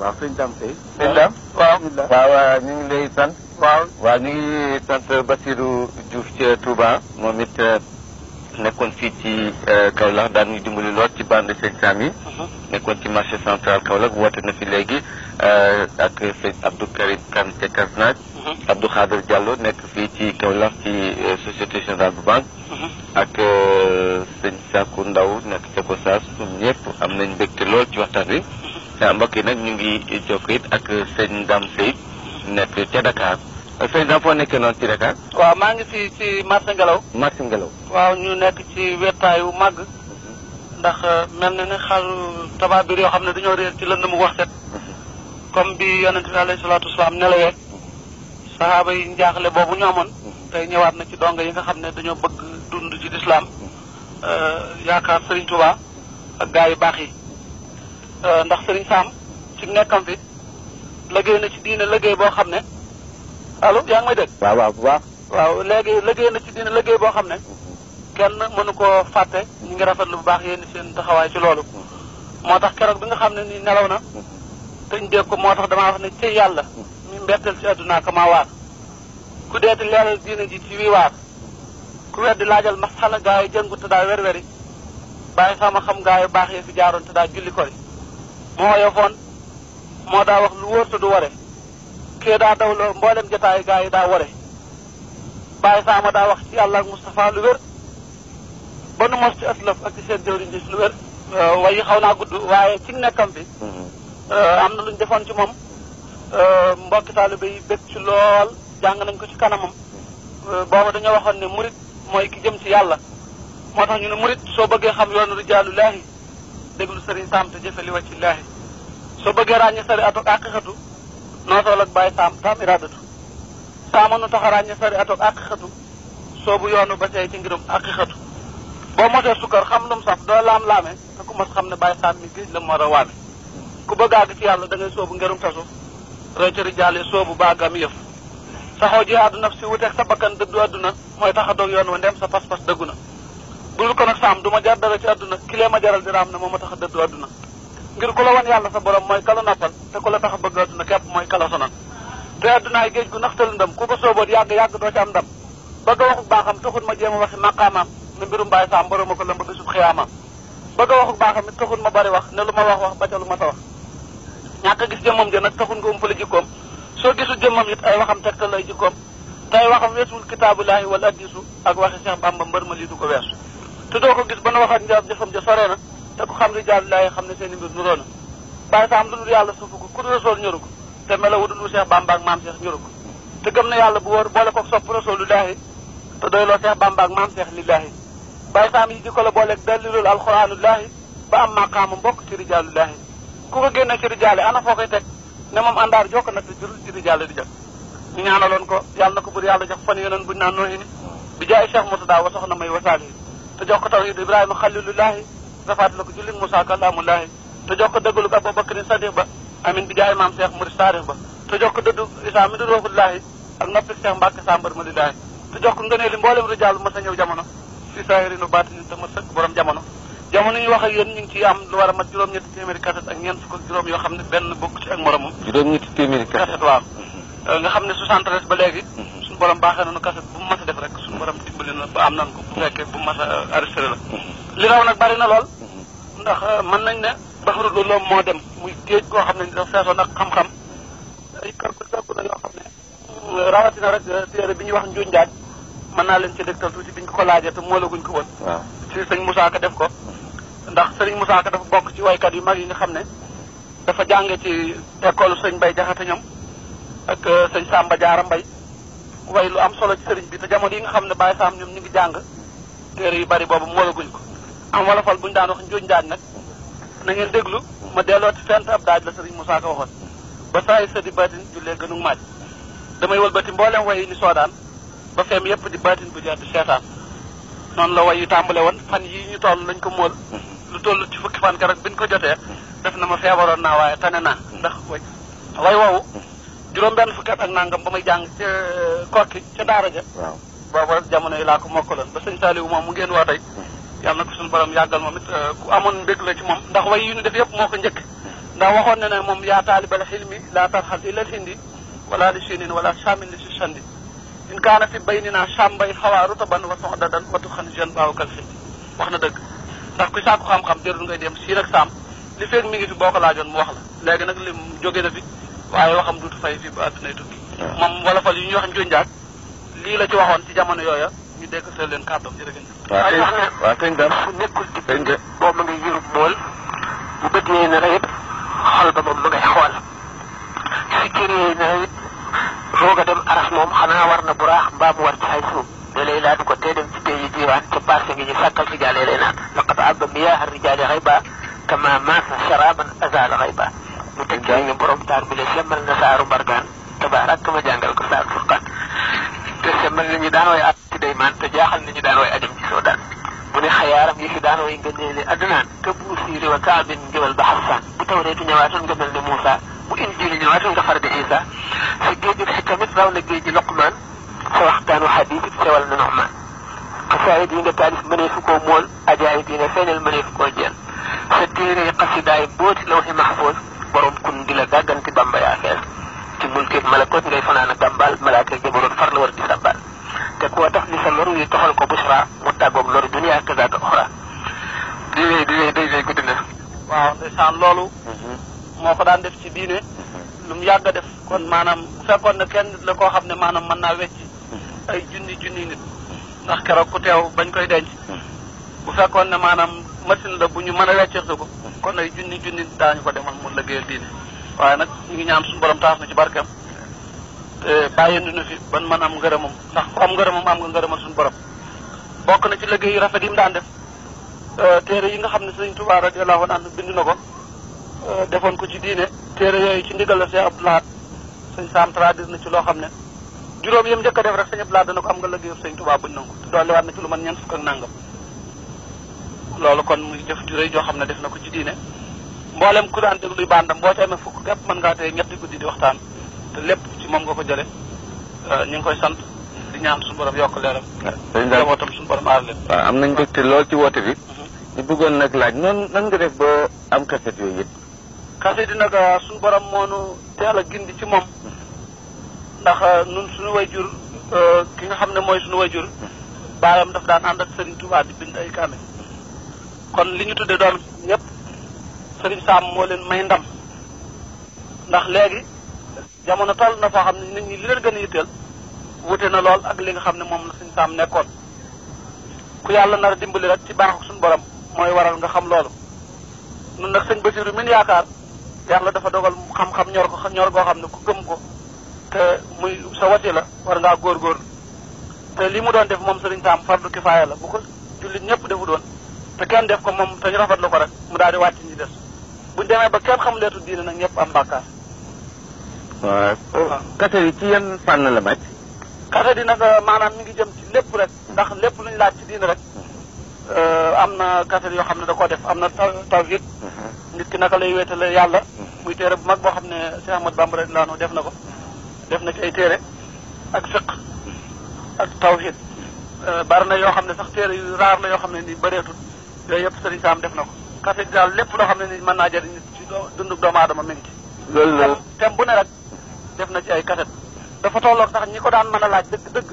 waaw sëñ Dame Seye. sëñ Dame waaw waaw ñu ngi lay sant. waaw waaw ñu ngi sant Basirou Diouf ca Touba. moom it euh, nekkoon fii ci euh, Kaolack daan ñu dimbali lool ci bande sëñ Sam yi. Uh-huh. nekkoon ci marché central Kaolack woote na fi léegi euh, ak sëñ Abdou Karim Kane ca Kasnaaj. Uh-huh. Abdou Khader Diallo nekk fii ci Kaolack ci société générale bu banque. Uh-huh. ak sëñ Sakou Ndaw nekk ca Gossas ñoom ñëpp am nañ mbégte lool ci waxtaan wi. mbokk yi nag ñu ngi jokk it ak sëñ Dame Seye nekk ca Dakar. sëñ Dame foo nekkee noonu ci Dakar. waaw maa ngi si si marché Ngelaw. marché Ngelaw. waaw ñu nekk ci wettaayu màgg. ndax mel na ni xalu tabaabir yoo xam ne dañoo réer ci lënd mu wax set. comme bi yonente bi alayhi salaatu wasalaam nelawee. saxaaba yi njaaxle boobu ñu amoon. tey ñëwaat na ci donga yi nga xam ne dañoo bëgg dund ci lislaam yaakaar Serigne Touba ak gaa yu baax yi. Euh, ndax Serigne Sam ci nekkam bi liggéey na ci diine liggéey boo xam ne allo yaa ngi may dégg. waaw waaw waaw léegi liggéey na ci diine liggéey boo xam ne kenn mënu koo fàtte ñu ngi rafetlu bu baax yéen seen taxawaay ci loolu. moo tax keroog bi nga xam ne nii nelaw na. te ñu dégg ko moo tax damaa wax ne ci yàlla. mi mbetteel ci àdduna ak maa waar. ku deeti leeral diine ji ci wii waar. ku wér di laajal masala gaa yi jëngu te daa wer-weri bàyyi sama xam gaa yu baax yi daa julli ko moo yofoon moo daa wax lu wóor te du ware kee daa dawloo mboolem jotaayu gaa yi daa ware bàyyi saama daa wax yàlla ak Moustapha lu wér ba nu mos ci aslaf ak ci seen jëwriñ ji lu wér euh, waaye xaw naa gudd waaye ci nekkam bi mhm. euh, am na lu ñu defoon ci moom euh, mbokki taalibe yi bëgg ci lool jàng nañ ko ci kanamam booba dañoo waxoon ne murit mooy ki jëm ci yàlla moo tax ñu ne murit soo bëggee xam yoonu rijaalu laahi déglu sëriñ saam te jëfe li wàccillaahi soo bëggee ràññe sari atoog àqiqatu nootool ak bàyyi saam saam iraadatu saama nu tax a ràññe sari atoog àqiqatu soobu yoonu ba seey ci ngirum àqiqatu boo mosee sukkar xam lu mu saf doo laam-laame te ku mos xam ne bàyyi saam mi géej la mu war ku bëgg àgg ci yàlla da ngay soobu ngerum tasuf rëcëri jaale soobu baagam yëf sa jihaadu naf si wuteeg sa bakkan dëddu adduna mooy tax a doog yoon wa ndem sa na dul ko nag saam du ma jar dara ci àdduna ki lee ma jaral di raam ne moo ma tax a dëddu àdduna ngir ku la wan yàlla sa borom mooy kala noppal te ku la tax a bëgg àdduna képp mooy kala sonal te àddunaay géej gu naxtal ndam ku ko sóoboot yàgg yàgg doo ci am ndam bëgg a waxu baaxam taxul ma jéem a waxi maqaamaam ne mbirum bàyyi saam borom ma ko lëmb bisub xiyaamaam bëgg a waxu baaxam it taxul ma bari wax ne lu ma wax wax ba ca lu ma ta wax ñàkk a gis jëmmam ja nag taxul nga umpale jikkoom soo gisul jëmmam it ay waxam tegtal ay jikkoom tey waxam weesul kitaabullaahi wala addisu ak waxi Cheikh Bamba mbër ma lii du ko weesu te doo ko gis ba na wax ak njaam jëfam ja sore na te ku xam li jaadu xam ne seen i mbir nuroo na bàyyi saam lu dul yàlla suufu ko ku dul rasool ñoru ko te melawu dul Seex Bàmba ak maam Seex ñoru ko te gëm na yàlla bu wóor boole ko sopp rasulullaahi te doy loo Seex Bàmba maam Seex lillaahi bàyyi saam yi di ko la booleeg dalli loolu alxuraanullaahi ba am maqaama mbokk ci rijaalullaahi ku ko génne ci rijaale ana foo koy teg ne moom àndaar jokk nag te jurul ci rijaale di jot ñu ñaanaloon ko yàlla na ko bur yàlla jox fan naan noohi ni bi jaay Seex Murtadaa wa soxna may te jox ko tawhid ibrahima xalilullahi rafaat la ko jullit Moussa kalamullahi te jox ko dëggalu ko Abubakar Sadiq ba amin bi jaay maam Cheikh Murid Saarix ba te jox ko du ruuxullahi ak noppi Cheikh Mbacke Sambar Malillahi te jox ko ngëneeli mboolem rijaal bu mas a ñëw jamono si saahiri nu baatini te ma sëkk borom jamono jamono ñu wax ak yéen ñu ngi ciy am lu war a mat juróom-ñetti téeméeri kaset ak ñeent fukk ak juróom yoo xam ne benn bokk ci ak moromam juróom-ñetti mhm. ba léegi mhm. suñu dimbali na ba am nan ko bu fekkee bu mas a arrêté la li raw nag bari na lool ndax euh, mën nañ ne baxaru lu loom moo dem muy géej goo xam ne dafa feesoon ak xam-xam ay karku sakku na yoo xam ne euh, rawatina rek euh, téere bi ñuy wax njuñ jaaj mën naa leen ci dëgtal tuuti biñ ko ko laajee te moolaguñ ko woon ci sëñ Moussa def ko ndax sëriñ dafa bokk ci waykat yu mag yi nga xam ne dafa ci école sëñ Bay Jaxate ñoom ak sëñ Jaara Mbay way lu am solo ci sëriñ bi te jamono yi nga xam ne Baye Sam ñoom ñu ngi jàng téere yu bari boobu moo la guñ ko am wala fal bu ñu daan wax njóoñ daaj nag na déglu ma delloo ci fent ab daaj la sëriñ Moussa Ka waxoon ba saay sëdi baatin jullee gënu maaj damay wëlbati mboolem way yi ni daan ba feem yépp di baatin bu jeex di seetaan noonu la way yu tàmbale woon fan yi ñu toll lañ ko móol lu toll ci fukki fan keroog bi ñu ko jotee def na ma feebaroon naa waaye tane naa ndax way juróom benn fukki at ak nangam ba may jàng ca euh, kokki ca daara ja waaw booba jamono yi laa ko mokkaloon ba sëñ Saliou moom mu ngeen waa tey hmm. yàlla na ko suñu borom yàggal moom it euh, ku amoon mbég la moom da way yu ñu def yëpp moo ko njëkk hmm. ndax waxoon na ne moom yaa taalibal xilmi laa tarxal ilal hindi wala li sinin wala samin li si sandi in kaana fi baynina sàmbay xawaa rutaban wa soxdadan watu xan jeune baawakal xindi wax na dëgg ndax ku sàkku xam-xam jërul ngay dem siin ak saam li feeg mi ngi fi boo ko laajoon mu léegi nag lim jóge na fi waaye waxam duduk fay fi ba àdduna tukki moom wala fal ñu wax njunjaat lii la ci waxoon ci jamono yooya ñu dégg sa leen kàddoom jërë waaye wax ne waa kañ nekkul ci de boobu ngay bool bu bët yee na rayit xol ba moom ma ngay xool yee na rayit rooga dem aras moom xanaa war na bu raax mbaa mu war ci ay suuf da lay laat ko tee dem ci tey yi diiwaan ca passé ngi ñu sàkkal naan laqad abba rijaali xayba kama maasa sharaban xayba mu teg jooy ñu borom taar bi de semmal na saaru mbargaan tabaarak ma jàngal ko saaru furqaan te semmal na ñu daan way at ci daymaan te jaaxal na ñu daan way ajam ci soo daan xayaaram yi fi daan way nga nee ne adnaan te buusiiri wa kaabin ngéwal ba xassaan bu tawreetu ñëwaatoon nga mel ne Muusa bu injiili ñëwaatoon nga far de Isa sa géejul xikamit raw na géeji Luqmaan sa waxtaanu xadiis it sewal na Nuxmaan xasaayit yi nga taalif mëneefu koo mool ajaayib yi nga feneel mëneefu koo jël sa téere xasidaay booti lawhi borom kun di la gàgganti bamba yaa xees ci mulkeeg malakoot ngay fanaan a gàmbaal malaaka jabaroon far la war di sabbal te koo tax ni sa loru yi toxal ko busra mu tàggoog loru duniyaa kazaaka oxra di wéy di wéy day wéy guddi na waaw ndeysaan loolu mhm. moo ko daan def ci diine mhm. lu mu yàgg a def kon maanaam bu fekkoon ne kenn nit la koo xam ne maanaam man naa wecc mhm. ay junni junni nit ndax keroog ku teew bañ koy denc bu fekkoon ne maanaam machine la bu ñu mën a weccatu ko kon ay junni junni daañu ko demal mu liggéeyal diine waaye nag ñu ngi ñaan suñu borom taas na ci barkeem te bàyyi na fi ban man am ngërëmam ndax ku am ngërëmam am nga ngërëmal suñu borom bokk na ci liggéey yu rafet yi mu daan def euh, téere yi nga xam ne sëriñ Tuubaa radiyallaahu anhu bind na ko euh, defoon ko ci diine téere yooyu ci ndigal la Cheikh Abdou Lahad sëñ Sam traduire na ci loo xam ne juróom yam njëkk a def rek sëñ Abdou Lahad dana ko am nga liggéeyu sëriñ Tuubaa buñ nangu te dolliwaat na ci lu man ñeent fukk ak nangam loolu kon muy jëf ju rëy joo xam ne def na ko ci diine mbooleem ku daan dégluy bandam boo ci amee fukk képp mën ngaa tey ñetti guddi di waxtaan te lépp ci moom nga ko jële euh, ñu ngi koy sant di ñaan suñu borom yokk leeram ah, njabootam suñu borom aar leen waaw ah, am nañ mbégte ci woote bi mhm. ñu bëggoon nag laaj noonu nan def ba am kaset yooyu yëpp kaset yi nag ah, suñu borom moonu teel a gindi ci moom ndax nun suñu way jur euh, ki nga xam ne mooy suñu way jur mhm. baaram daf daan ànd ak seen tubaab di bind ay kaamil kon li ñu tuddee doon ñëpp sëriñ Saam moo leen may ndam ndax léegi jamono toll na foo xam ne nit ñi leen gën a yitteel wute na lool ak li nga xam ne moom la sëriñ Saam nekkoon ku yàlla nar a dimbali rek ci baaxu suñu borom mooy waral nga xam loolu nun nag sëñ Basiru min yaakaar yàlla dafa dogal xam-xam ñor ko ñor goo xam ne ku gëm ko te muy sa wati la war ngaa góor te li mu doon def moom sëriñ Saam fardu kifaaya la bu ko jullit ñëpp defu doon te kenn def ko moom te ñu la ko rek mu daal di wàcc ñi des buñ demee ba kenn xam leetu diine nag ñëpp am bàkkaar. waaw kase yi ci yan fànn la màcc. kase di nag euh, maanaam mi ngi jëm ci lépp rek ndax lépp luñ laaj ci diine rek euh, am na kase yoo xam ne da koo def am na taw tawhid uh-huh. nit ki naka lay wéetale yàlla. Uh-huh. muy téere bu mag boo xam ne Cheikh Ahmad Bamba radiyallaahu def na ko. Uh-huh. def na ci ay téere ak taw ak tawhid euh, bari na yoo xam ne sax téere yu raar yoo xam ne ni bëreetut. yooyu yëpp sëriñ Saam def na ko xasida daal lépp loo xam ne ni man naa jëriñ nit ci dundu doomu aadama mi loolu ci loolu bu ne rek def na ci ay kaset dafa tolloog tax ñi ko daan mën a laaj dëgg-dëgg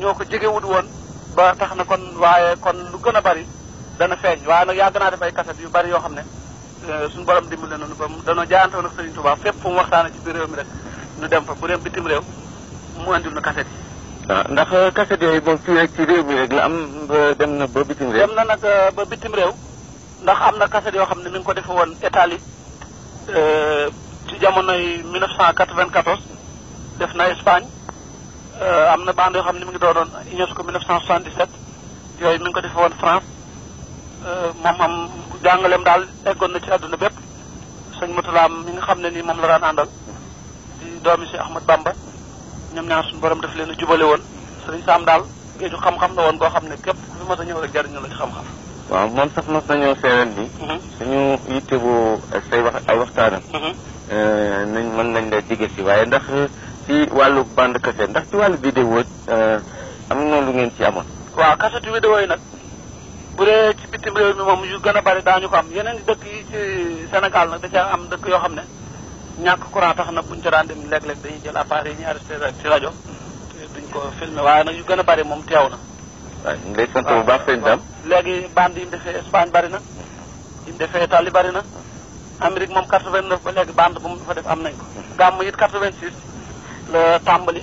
ñoo ko jegewut woon ba tax na kon waaye kon lu gën a bari dana feeñ waaye nag yàgg naa def ay kaset yu bari yoo xam ne euh, suñu borom dimbali nañu ba danoo jaayante woon ak Sëriñ Tuubaa fépp fu mu waxtaane ci biir réew mi rek ñu dem fa bu dem bitim réew mu andil na kaset waaw nah, ndax cassette eh, yooyu moom fii ci réew mi rek la am dem na ba bitim réew. dem na nag eh, ba bitim réew ndax am na cassette eh, yoo xam ne mi ngi ko defee woon ci jamonoy 1994 def na Espagne am na bande mi ngi UNESCO 1977 mi ngi ko France moom am jàngaleem daal eggoon na ci àdduna bépp sëñ Matulaam mi nga xam ne la daan di doomi si Ahmad Bamba ñoom ñaar suñu borom daf leen jubale woon sëriñ Sam daal géeju xam-xam la woon boo xam ne képp fi mos a ñëw rek jariñu la ci xam-xam waaw moom sax mos nañoo seewel bi mhm. suñu yitte bu say wax ay waxtaanam mhm. eh, nañ mën nañ la digge si waaye ndax ci wàllu bande cassette ndax ci wàllu vidéo eh, am na lu ngeen ci amoon waaw cassette vidéo yi nag bu dee ci bitim réew mi moom yu gën a bari daañu ko am yeneen dëkk yi ci Sénégal nag da ca am dëkk yoo xam ne ñàkk courant tax na buñ ca daan dem léeg-léeg dañuy jël appareil yi ñu arrêté rek ci rajo duñ ko filmé waaye nag yu gën a bari moom teew na waaw ñu lay sant bu baax sëñ Dame léegi bande yi mu defee Espagne bari na yi mu defee Italie bari na Amérique moom 89 ba léegi bande bu mu dafa def am nañ ko gàmm it 86 la tàmbali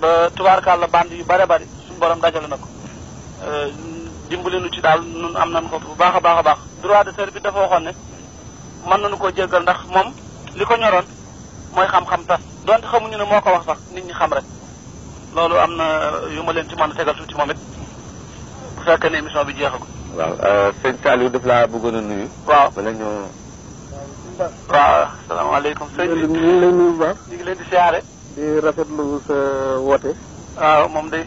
ba tubaarkàlla bande yu bare bari suñu borom dajale na ko euh, dimbali nu ci daal nun am nañ ko bu baax a baax a baax droit de terre bi dafa waxoon ne mën nañu koo jéggal ndax moom li ko ñoroon mooy xam-xam tas donte xamuñu ne moo ko wax sax nit ñi xam rek loolu am na yu ma leen ci mën a tegal tuuti moom it bu fekkee ne émission bi jeexagul. waaw euh, sëñ Saliou daf laa bëggoon a nuyu. waaw bala ñoo. waaw salaamaaleykum sëñ bi ñu ngi lay bu baax. ñu ngi leen di siyaare. rafetlu woote. waaw moom day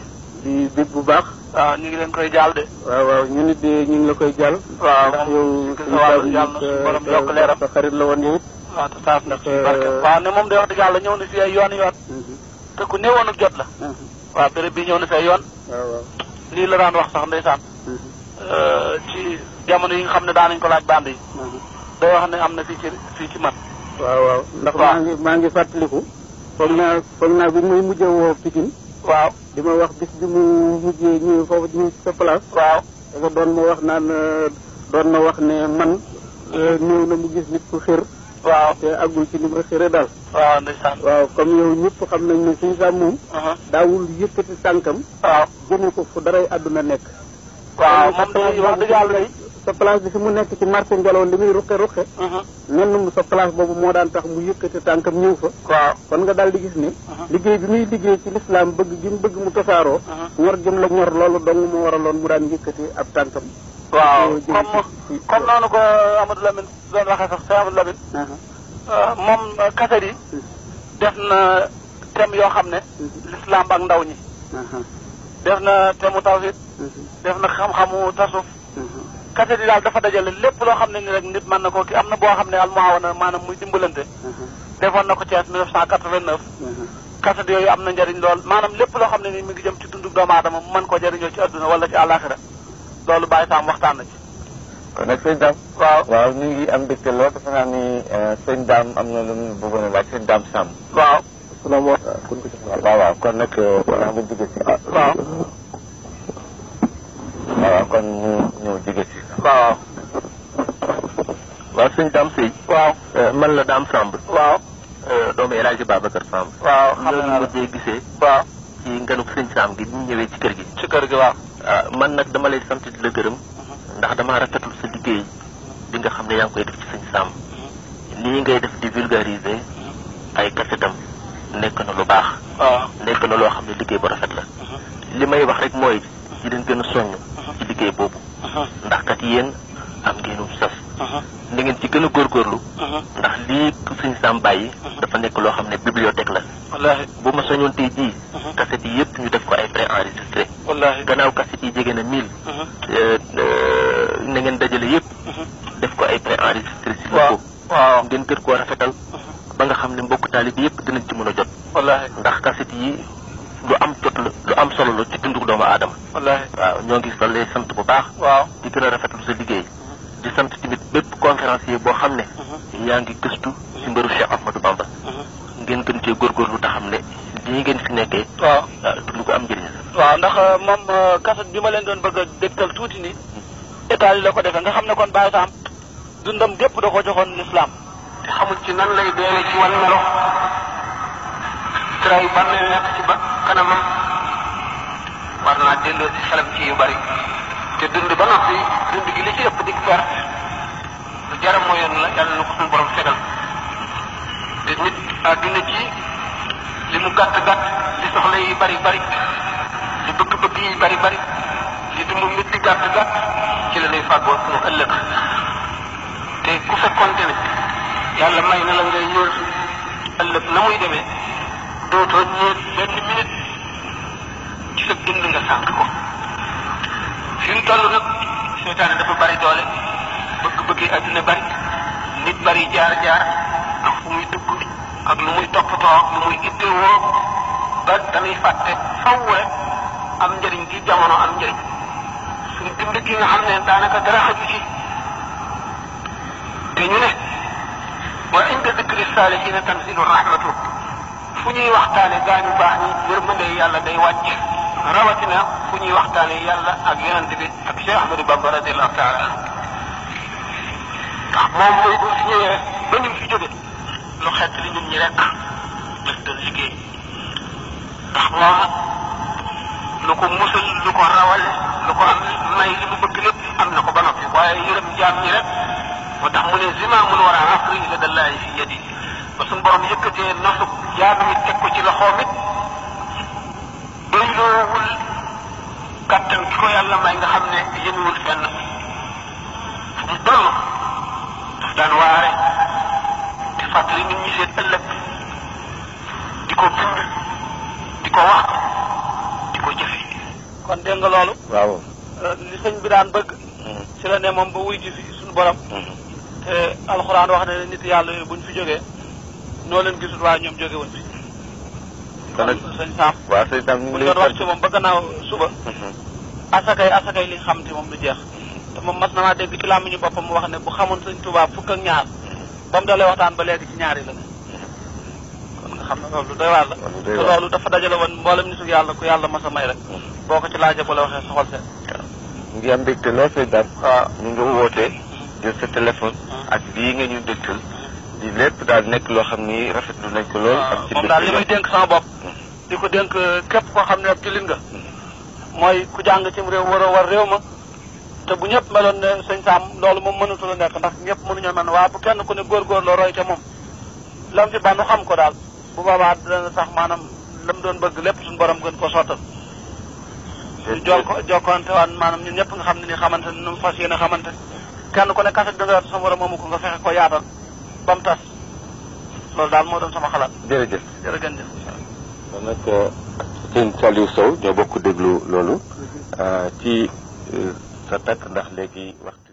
bu baax. waaw ñu ngi leen koy jaal de. waaw waaw ñu nit de ñu ngi la koy jaal. waaw ndax yow. suñu sa jaal na suñu borom yokk leeram sa xarit la woon yow sant saaf na ci euh, barke waaw ne moom day wax dëgg yàlla ñëw na fi yoon yoon mhm. te ku néewoon ak jot la mhm. waaw béréb bi ñëw na fi ay yoon lii la daan wax sax ndeysaan mhm. euh, ci jamono yi nga xam ne daan nañ ko laaj band yi day wax ne am na fii ci fii ci man waaw waaw ndax maa ngi maa ngi fàttaliku foog naa foog naa bi muy mujjee woo Pikine waaw di ma wax bis bi mu mujjee ñu foofu ñu sa place waaw dafa doon ma wax naan doon ma wax ne man euh, ñëw na mu gis nit ku xër waaw te àggul ci li ma xëre daal waaw ndeysaan waaw comme ñëpp xam nañ ne suñu sàmm moom uh-huh. daawul yëkkati tànkam waaw jëme ko fu daray àdduna nekk waaw moom wax dëgg yàlla sa place bi fi mu nekk ci marché Ngelaw li muy ruqe ruqe uh-huh. nenn sa place boobu moo daan tax mu yëkkati tànkam ñëw fa waaw kon nga daal di gis ne uh-huh. liggéey bi muy liggéey ci lislaam bëgg gi mu bëgg mu tasaaroo ñor jëm la ñor loolu dong mu waraloon mu daan yëkkati ab tànkam waaw comme comme noonu ko Amadou Lamine doon waxee sax Amadou Lamine. Uh-huh. Euh, moom kaset yi. Uh-huh. def na tem yoo xam ne. Uh-huh. l'islam ak ndaw ñi. def na thème mu tawhid. def na xam-xamu tasuf. kaset yi daal dafa dajale lépp loo xam ne ni rek nit mën na ko ki am na boo xam ne almuawana maanaam muy dimbalante. defoon na ko ci 1989. kaset yooyu am na njëriñ lool maanaam lépp loo xam ne ni mi ngi jëm ci dundu doomu aadama mu mën ko jëriñoo ci adduna wala ci àllaaxira loolu bàyyi saam waxtaan na ci. kon nag sëñ Dame. waaw waaw ñu ngi am dëkk lool dafa naa ni euh, sëñ am na lu mu bëggoon a laaj sëñ Dame Samb. Ah, waaw. kon nag. Euh, ah, waaw waaw. waaw kon ñu ñëw si. waaw. waaw sëñ Dame Seye. waaw euh, man la Dame Samb. waaw. doomu El Hadj Babacar Samb. waaw xam naa la loolu gisee. waaw ci nganuk sëñ Samb gi ñu ñëwee ci kër gi. ci kër gi waaw. Ah, man nak dama lay sant di la gërëm ndax dama rafetul sa liggéey bi nga xam ne yaa ngi koy def ci sëñ sàmm lii ngay def di vulgariser ay kasetam nekk na lu baax ah. nekk na loo xam ne liggéey bu rafet la li may wax rek mooy ci leen gën a soññ ci liggéey boobu ndax kat yéen am ngeenum saf ni ngeen ci gën a góorgóorlu ndax lii suñ sàmm bàyyi dafa nekk loo xam ne bibliothèque la bu ma soñoon tey jii kaset yi yépp ñu def ko ay pré enregistré wallahi gannaaw kasit yi jege na mille mhm. na ngeen dajale mhm. def ko ay pré enregistré si ko waaw ngeen kër ko rafetal mhm. ba nga xam ne mbokk taalib yépp dinañ ci mën a jot wallahi ndax kasit yi lu am jot la lu am solo la ci dunduk doomu aadama wallahi waaw ñoo ngi lay sant bu baax waaw di gën a rafetlu sa liggéey di sant tamit bépp conférencier boo xam ne yaa ngi gëstu si cheikh ahmadou bamba ngeen gën cee góorgóor moom euh, kaset bi ma leen doon bëgg a dégtal tuuti ni état la ko defee nga xam ne kon bàyyi saam dundam gépp da ko joxoon l'islam te xamul ci nan lay deewee ci wan melo tray ban lay nekk ci ba kanamam war naa delloo ci xelam ci yu bari te dund ba noppi dund gi li ci ëpp dik perte lu jaram moo yoon la yàlla na ko suñu borom fegal te nit àdduna ci li mu gàtt gàtt li soxla yi bari bari yi bari bari li dund di gàtt gàtt ci la lay fàggoo sunu ëllëg te ku fekkoon tamit yàlla may na la ngay yor ëllëg na muy demee dootoo ñëw benn minute ci sa dund nga sànq ko fi mu toll nag seytaane dafa bari doole bëgg-bëggi àdduna bari nit bari jaar-jaar ak fu muy dugg ak nu muy toppatoo ak nu muy ittewoo ba dañuy fàtte faw rek am njëriñ gi jamono am njëriñ suñ dund gi ne daanaka dara xaju ci ñu ne wa inda dikri saalihiina tanzilu rahmatu fu ñuy waxtaane gaañu baax ñi yërmande yàlla day wàcc rawatina fu ñuy waxtaane yàlla ak yonent bi ak Cheikh Ahmadou Bamba radiyallahu taala ndax moom mooy bu fi ñëwee fi jóge lu xet ñi rek def doon liggéey ndax lu ko musal lu ko rawale lu ko am may li mu bëgg am na ko ba noppi waaye yërëm jaam ñi rek moo tax mu ne zimaamul wara afri la dallaay fi yadi ba suñu borom yëkkatee nosu jaam ñi teg ko ci loxoom it doyloowul kàttan ki ko yàlla may nga xam ne yënuwul fenn fu mu toll daf daan waare di fàttali nit ñi seen di ko bind di ko wax kon dégg nga loolu. waaw. Euh, li sëñ bi daan bëgg. Mm-hmm. ci la ne moom ba wuy ji fi suñu borom. Mm-hmm. te alxuraan wax na nit yàlla yooyu buñ fi jógee noo leen gisul waaye ñoom jóge wuñ fi. kon nag sëñ Sam. waaw sëñ Sam ñu wax ci moom ba gannaaw suba. Mm-hmm. asakay asakay li xam ti moom du jeex. te moom mas na maa dégg ci ñu boppam mu wax ne bu xamoon sëñ tubaab fukk ak ñaar ba mu dalee waxtaan ba léegi ci ñaari la ne. xam nga loolu la loolu dafa dajale woon mboolem nitu yàlla ku yàlla mas a may rek mm. boo ko ci laajee la waxee sa xol seet ngi am ñu nga wootee mm. jël sa téléphone mm. ak ñu dégtal di lépp daal nekk loo xam ni rafetlu nañ ko lool ak ci daal li may dénk di ko dénk képp koo xam ne ab mooy ku jàng ci réew war a war réew ma te bu ñëpp meloon ne sëñ Saam loolu moom mënatu la nekk ndax ñëpp mënuñoo mel waa bu kenn ku ne góorgóorloo roy ca moom lam fi ba nu xam ko daal bu baabaat dana tax maanaam la doon bëgg lépp suñu borom gën ko sottal ñu jokko jokkoonte waan maanaam ñun ñëpp nga xam ne ni xamante nu mu fas yéena xamante kenn ku ne kaset bi nga yor ko nga fexe ko yaatal ba mu tas loolu daal moo doon sama xalaat jërëjëf jërëjëf kon nag euh, sëñ Saliou Sow ñoo bokk déglu loolu euh, ci euh, sa takk ndax léegi wax